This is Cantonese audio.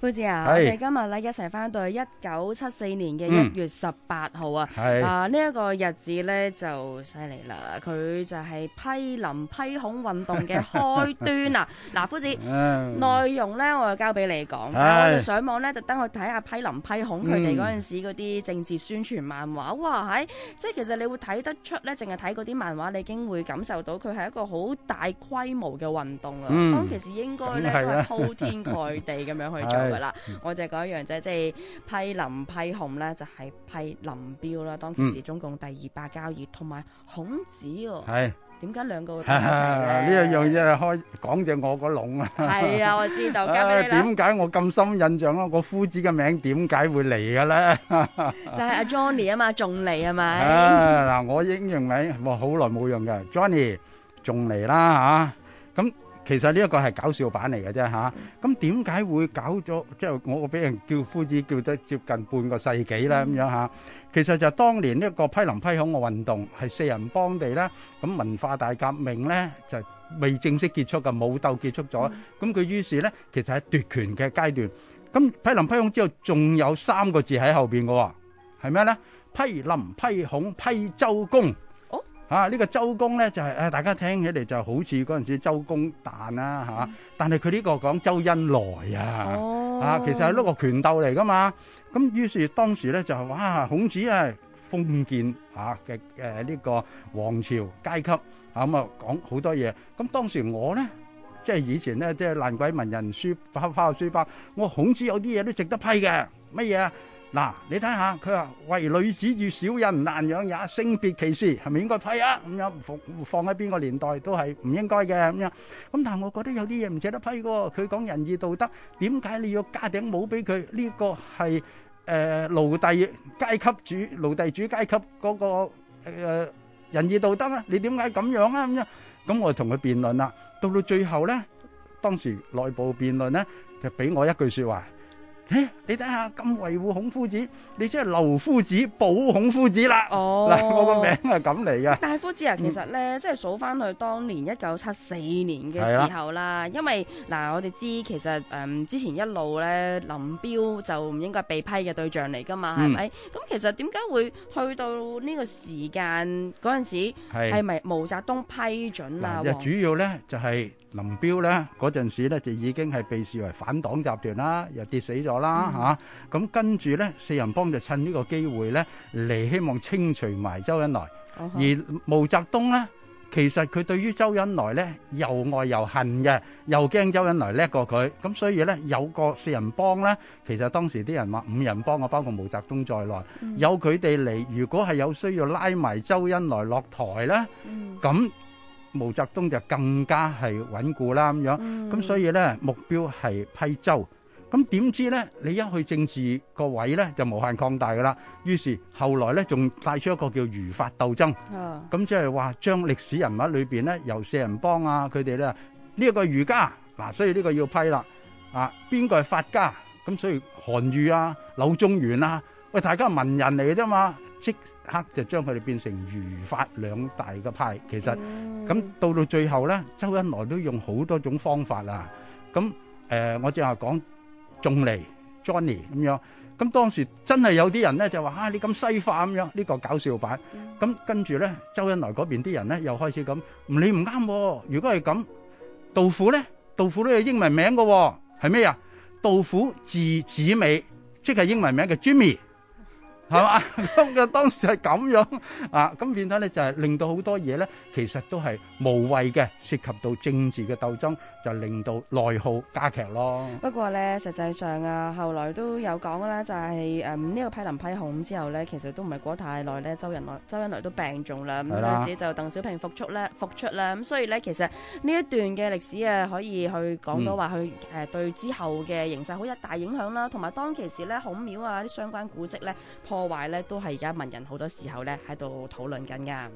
夫子啊，我哋今日咧一齊翻到去一九七四年嘅一月十八號啊，啊呢一個日子咧就犀利啦，佢就係批林批孔運動嘅開端啊！嗱，夫子，內容咧我就交俾你講，我哋上網咧特登去睇下批林批孔佢哋嗰陣時嗰啲政治宣傳漫畫，哇，喺即係其實你會睇得出咧，淨係睇嗰啲漫畫，你已經會感受到佢係一個好大規模嘅運動啊！當其時應該咧都係鋪天蓋地咁樣去做。啦，我就講一樣啫，即係批林批孔咧，就係批林彪啦。當其時中共第二把交椅，同埋孔子喎。係。點解兩個喺一齊咧？呢一樣嘢開講就我個籠啊！係啊，我知道。交俾你啦。點解我咁深印象咯？我個夫子嘅名點解會嚟嘅咧？就係阿 Johnny 啊嘛，仲嚟係咪？啊嗱，我英文名我好耐冇用噶，Johnny 仲嚟啦吓咁。其實呢一個係搞笑版嚟嘅啫嚇，咁點解會搞咗？即係我俾人叫夫子叫咗接近半個世紀啦咁、嗯、樣嚇。其實就當年呢一個批林批孔嘅運動係四人幫地啦，咁文化大革命咧就未正式結束嘅，武鬥結束咗，咁佢、嗯、於是咧其實係奪權嘅階段。咁批林批孔之後，仲有三個字喺後邊嘅喎，係咩咧？批林批孔批周公。啊！呢、這個周公咧就係、是、誒，大家聽起嚟就好似嗰陣時周公旦啦嚇，但係佢呢個講周恩來啊，啊其實係碌個拳鬥嚟㗎嘛。咁、啊、於是當時咧就係哇，孔子啊，封建嚇嘅誒呢個皇朝階級啊咁啊講好多嘢。咁、啊啊、當時我咧即係以前咧即係爛鬼文人書包包書包，我孔子有啲嘢都值得批嘅，乜嘢？嗱，你睇下佢話唯女子與小人難養也，性別歧視係咪應該批啊？咁樣放放喺邊個年代都係唔應該嘅咁樣。咁但係我覺得有啲嘢，唔捨得批噶。佢講仁義道德，點解你要加頂帽俾佢？呢個係誒奴隸階級主奴隸主階級嗰個誒仁義道德啊？你點解咁樣啊？咁樣，咁我同佢辯論啦。到到最後咧，當時內部辯論咧，就俾我一句說話。你睇下咁維護孔夫子，你真係劉夫子保孔夫子啦。哦、oh. 嗱，我個名係咁嚟嘅。大夫子啊，其實咧，即係數翻去當年一九七四年嘅時候啦，嗯、因為嗱、呃，我哋知其實誒、呃、之前一路咧，林彪就唔應該被批嘅對象嚟㗎嘛，係咪、嗯？咁其實點解會去到呢個時間嗰陣時係咪是毛澤東批准啊？呃、主要咧就係、是、林彪咧嗰陣時咧就已經係被視為反黨集團啦，又跌死咗。啦嚇，咁跟住呢，四人幫就趁呢個機會呢嚟希望清除埋周恩來。而毛澤東呢，其實佢對於周恩來呢又愛又恨嘅，又驚周恩來叻過佢，咁所以呢有個四人幫呢，其實當時啲人話五人幫啊，包括毛澤東在內，有佢哋嚟，如果係有需要拉埋周恩來落台呢，咁毛澤東就更加係穩固啦咁樣。咁所以呢目標係批周。咁點知咧？你一去政治個位咧，就無限擴大噶啦。於是後來咧，仲帶出一個叫儒法鬥爭。啊！咁即係話將歷史人物裏邊咧，由四人幫啊佢哋咧呢一個儒家，嗱所以呢個要批啦。啊，邊個係法家？咁所以韓愈啊、柳宗元啊，喂，大家係文人嚟嘅啫嘛，即刻就將佢哋變成儒法兩大嘅派。其實咁到、um. 到最後咧，周恩來都用好多種方法啦。咁、啊、誒、呃，我正話講。仲尼 Johnny 咁樣，咁當時真係有啲人咧就話啊，你咁西化咁樣，呢個搞笑版，咁跟住咧周恩來嗰邊啲人咧又開始咁，唔，你唔啱，如果係咁，杜甫咧，杜甫都有英文名嘅，係咩啊？杜甫字子美，即係英文名叫 Jimmy。係嘛？咁嘅當時係咁樣啊，咁變態咧就係令到好多嘢咧，其實都係無謂嘅，涉及到政治嘅鬥爭，就令到內耗加劇咯。不過咧，實際上啊，後來都有講啦，就係誒呢個批林批孔之後咧，其實都唔係過太耐咧，周恩來周恩來都病重啦。係啦。咁陣時就鄧小平復出咧，復出啦。咁所以咧，其實呢一段嘅歷史啊，可以去講到話佢誒對之後嘅形勢好一大影響啦。同埋當其時咧，孔廟啊啲相關古蹟咧破破壞咧，都係而家文人好多時候咧喺度討論緊噶。